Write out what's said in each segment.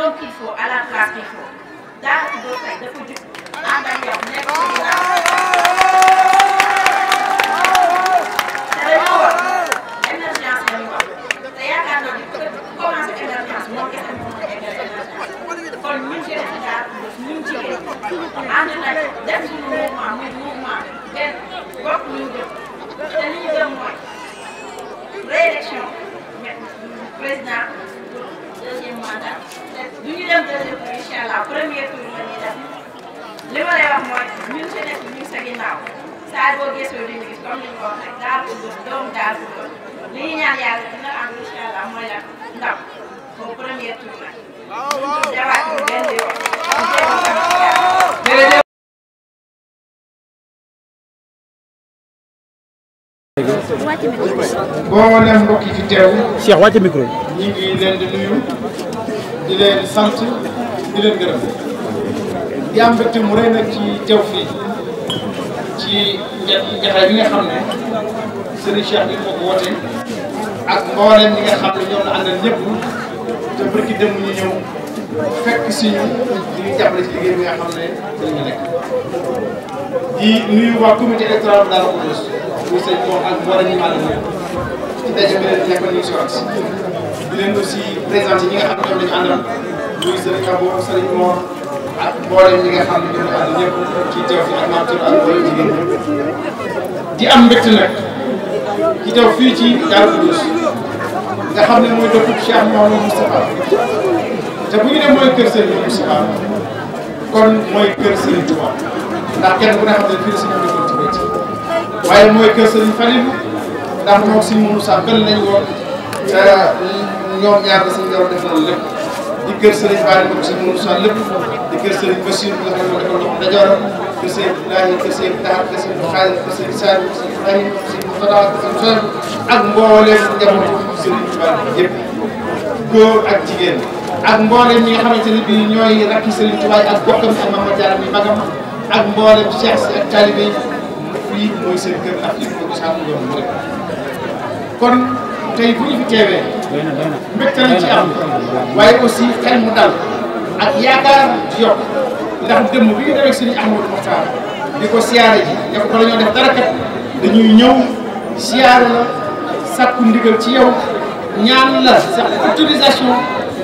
donc il faut à la place il faut daa doo tey dafa jub ànd ak yow nekk ci ginnaaw te dañoo wax émergence la ñu wax te yaakaar naa ne ku commencé émergence doomu boo leen mbokk yi fi teew. Cheikh wàcc micro ngi leen di nuyu di leen sant di leen gërëm. di am mbégte mu nag ci teew fii ci njaxare bi xam ne. Serigne Cheikh bi moo ko wootee ak mbooleem ñi nga xam ne ñoo na àndal ñëpp te barki dem ñu ñëw fekk si ñu ñu jàppale ci liggéey bi nga xam ne dañu nekk. di nuyu waa comité électoral daal ko gis muy sëñ moom ak mbooleem ñi maa leen ci daje bi leen nekkoon ñu si wax di leen aussi présenté ñi nga xam ne ñoom lañu àndal muy Serigne Abo Serigne Mor. ak mboolem ñi nga xam ne ñoo ngi ànd ñëpp ci teew fi ak maam ak mboolem jigéen ñi di am mbégte nag. ci teew fii ci Daaru Xudoos nga xam ne mooy dëkku Cheikh Mouhamadou Moustapha te bu ñu ne mooy kër Serigne Moustapha kon mooy kër Serigne Touba ndax kenn ku ne xam ne fii la si ñoom defoon ci bëcc waaye mooy kër Serigne Falilou ndax moom si Moussa gën nañ woon ñoom ñaar la suñu def na lépp di kër Serigne Falilou si Moussa lépp di kër Serigne Bassirou nga xam ne moo defal loxo كسير إلهي كسير دهر كسير خالد كسير سالم كسير فهيم كسير مصطفى كسير سالم ak mboolem njaboot Serigne Touba yëpp góor ak jigéen ak mboolem ñi nga xamante ne bii ñooy rakki Serigne Touba ak bokkam ak Mame Diarra mi magam ak mboolem Cheikh si ak talibé yi fii mooy seen kër ndax li ko gis amul woon rek kon tey bu ñu fi teewee mbégte nañ ci am waaye aussi xel mu dal ak yaakaar ci yokk nga xam démb bi ñu demee Serigne Ahmadou Mokhtar di ko siyaare ji def ko ñoo def dara kat dañuy ñëw siyaare la sàkku ndigal ci yow ñaan la sa autorisation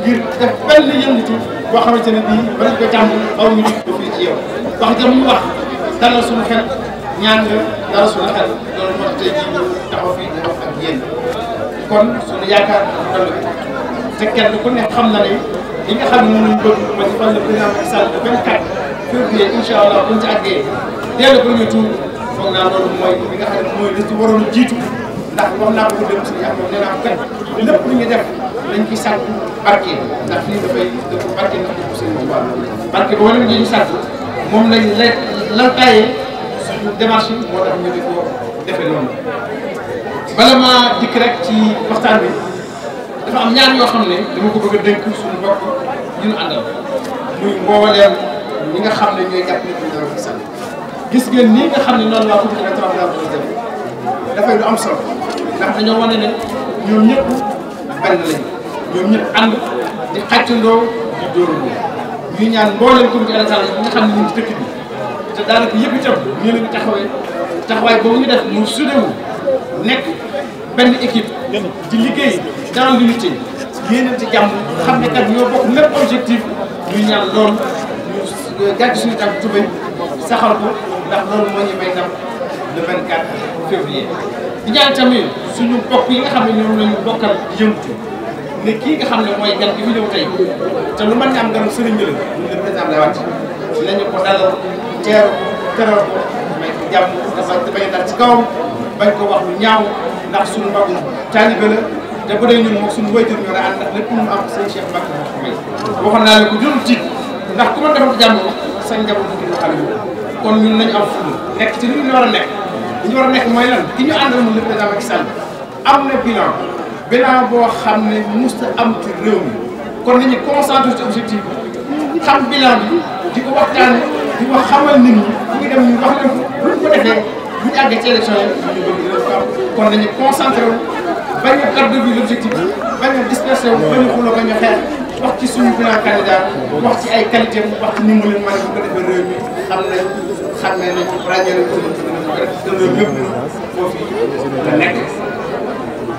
ngir def benn yëngatu boo xamante ne bii ba nañ ko tàmm aw ñu dugg fii ci yow wax jam ñu wax dalal suñu xel ñaan nga dalal suñu xel loolu moo tax tey jii ñu taxaw fii di wax ak yéen kon suñu yaakaar dolli te kenn ku ne xam na ne li nga xam ne moom bëgg mooy ci fan la président Macky Sall le 24 février incha allah buñ ci àggee dès le premier tour foog naa loolu mooy li nga xam ne di ko defee noonu bala maa dikk rek ci waxtaan bi. dafa am ñaar yoo xam ne dama ko bëgg a dénk suñu mbokk ñu àndal muy mbooleem ñi nga xam ne ñooy jàpp nit ñi gis ngeen nii nga xam ne noonu laa ko bëgg a tawam dafay du am di xàccandoo di dóorandoo ñuy ñaan mbooleem comité électoral bi nga xam ne ñu ngi ci bi te daanaka yëpp itam nii la ñu def mu sudewu nekk benn équipe di liggéey dans l'unité yéenante jàmm xam ne kat ñoo bokk même objectif ñu ñaan loolu ñu gàcc suñu tànk tubéy saxal ko ndax loolu moo ñu may ndam le 24 février. di ñaan tamit suñu yi nga xam ne ñoom lañu bokkal yëngatu ne kii tey te lu mën nga am ganu sëriñ bi la ñun le président lay wàcc nañu ko dalal teeru teral ko may ko jàmm dafa bañ a dal ci kawam bañ ko wax lu ñaaw ndax suñu mbagg taalibe la te bu dee ñun moom suñu wayjur ñoo la ànd ndax lépp mu am seen Cheikh Mbacke ko may waxoon naa la ko jurul tiit ndax ku ma defal jàmm sañ njaboot bu ñu kon ñun nañu am fulu nekk ci li ñu war a nekk li ñu war a nekk mooy lan ki ñu àndal mu le président Macky Sall am na bilan bilan boo xam ne musta am ci réew mi kon nañu concentré ci objectif bi xam bilan bi di ko waxtaane di ko xamal nit ñi bu ko bu ñu defee bu ñu àggee ci élection yi ñu bëgg kon nañu concentré wu bañ a perdre de vue l'objectif bañ a disperser wu bañ a xuloo bañ a xeex wax ci suñu grand candidat wax ci ay qualité am wax ci ni mu leen mën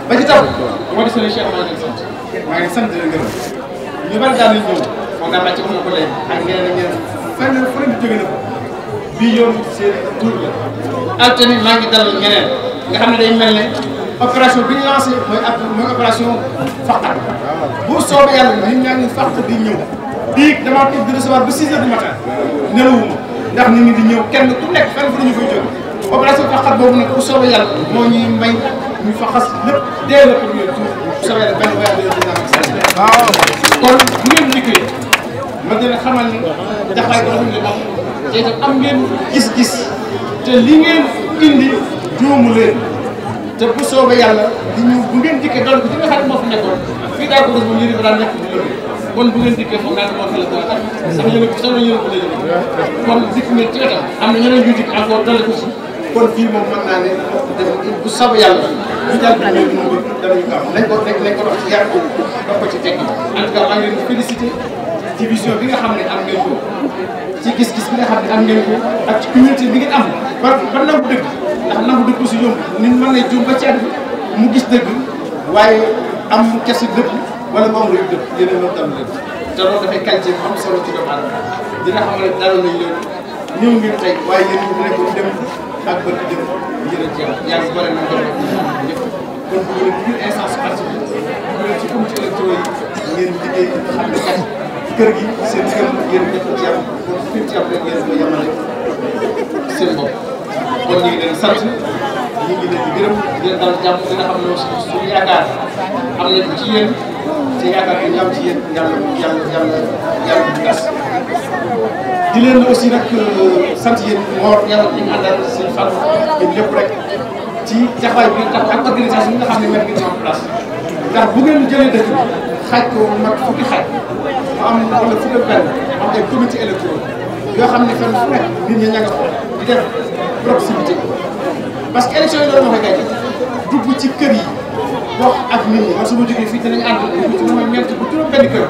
ba ci taw moo di sori Cheikh ñu bari daal di ñëw moom daal ci ko léegi ak ñeneen ak ñeneen fenn fu ne jóge na ko nga xam ne day mel ne. opération bi ñu lancé mooy ak mooy faqat bu soobee yàlla nit ñaa ngi faq di ñëw bii damaa toog di recevoir ba 6 heures du matin nelawuma ndax nit di ñëw kenn ku nekk fenn fu ñu fay jóg opération faqat boobu nag bu soobee yàlla moo ñuy may ñu faxas lépp dès le premier tour bu soobee yàlla benn voyage de a xamal ni jaxaay ko dafa li ngeen indi juumu leen te bu soobee yàlla di ñu bu ngeen dikkee doon ko ci nga xam moo fi nekkoon fii daa ko gis moom yëriñ ko daan di loolu kon bu ngeen dikkee foofu daal moo xelal dara la yëriñ ko la yëriñ kon dikk ngeen ci bu soobee yàlla ko ci yar ko ci tekki en bi nga xam ne am ngeen ko ci gis-gis bi nga xam ne am ngeen ko ak ci communauté bi ngeen am ba nangu dëgg ndax nangu dëgg si yomb nit mën na juum ba ci mu gis dëgg waaye am kese dëgg wala moom rek dëgg yéen a loolu dal te loolu dafay am solo ci doomu aadama ne dalal nañ leen ñëw ngir tey waaye yéen ñu nekk a jeex yàlla boole nañ ci comité électoral xam ne kat kër gi seen kër yéen def ci yàlla seen bopp kon ñu ngi leen sant ñu ngi leen di gërëm di leen dal jàmm gën a xam ne suñu yaakaar am nañu ci yéen te yaakaar bi ñu am ci yéen yàlla yàlla yàlla yàlla bu gas di leen aussi nag sant yéen moor yàlla ñu àndal seen fan yéen lépp rek ci taxawaay bi tax ak organisation bi nga xam ne mettre ngeen en place ndax bu ngeen jëlee dëkk bi xaaj ko mag fukki xaaj mu am wala fukki benn am ay comité électoral yoo xam ne fenn fu nekk nit ñi ña nga ko di def proximité parce que élection yi ci kër yi wax ak nit ñi man su ma jógee fii danañ ànd dugg ci lu ma ñeent bu juróom benn kër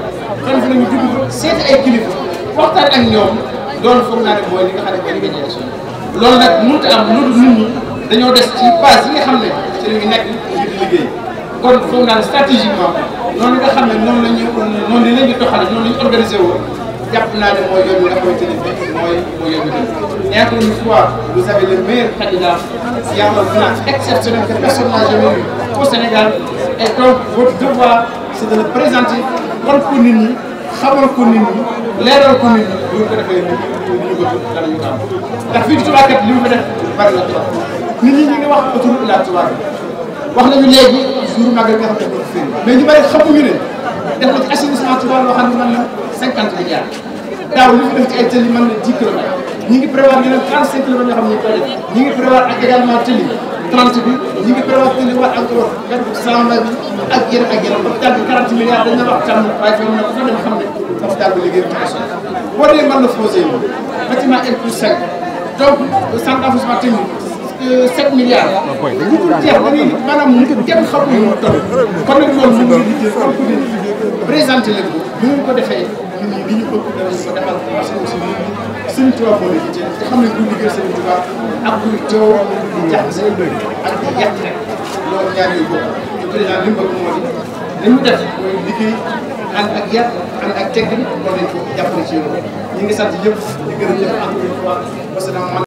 xam fi nañu dugg seeti ay kilifa waxtaan ak ñoom ne mooy li nga nag mënut a am loolu nit ñi dañoo des ci base yi nga xam ne ci la ñu nekk ngir liggéey kon foog naa ne stratégiquement noonu nga xam ne noonu la noonu la ñuy noonu la ñu woo jàpp naa ne mooy yoon bi nga xamante ne bii mooy mooy yoon bi dëgg. et encore une fois vous avez le meilleur candidat y a un plan exceptionnel que personne n'a jamais vu au Sénégal et donc votre devoir c'est de le présenter war ko nit ñi xamal ko nit ñi leeral ko nit ñi bu ñu ko defee nii ñu bëgg danañu ko am ndax fii di Touba kat li mu fa def bari na trop nit ñi ñu ngi wax autoroute la Touba wax nañu léegi jour magal nga xam ne mais ñu bari xamuñu ne. def na ci assainissement Touba loo xam ne mën na cinquante milliards daaw li fi def ci ay tëli mën na dix kilomètres ñi ngi prévoir yeneen trente cinq kilomètres yoo xam ne ñu koy def ñi ngi prévoir ak également tëli trente bi ñi ngi prévoir tëli waat encore benn cent vingt bi ak yeneen ak yeneen hôpital bi quarante milliards dañ na wax tànn waaye fi mu ne ko fa dem xam ne hôpital bi liggéey na ko boo dee mën na faussé moom bâtiment L plus cinq donc centre d'avancement technique euh, sept milliards bu dul jeex dañuy maanaam kenn xamul lu mu toll kon nag loolu moom ñu ngi liggéey présenté leen ko bu ngeen ko defee ñun ñii li ñu bëgg danañ ko defal parce que aussi ñun Sëriñ Tuubaa moo leen te xam ne bu liggéey Sëriñ Tuubaa ak buy coow di jaxase ak di yàq rek loolu ñaar yooyu bokk te président li mu bëgg moo di li mu def mooy liggéey ànd ak yar ànd ak tegg bi kon dañ ko jàppale ci yow ñu ngi sant ñëpp di gërëm ñëpp encore une fois parce que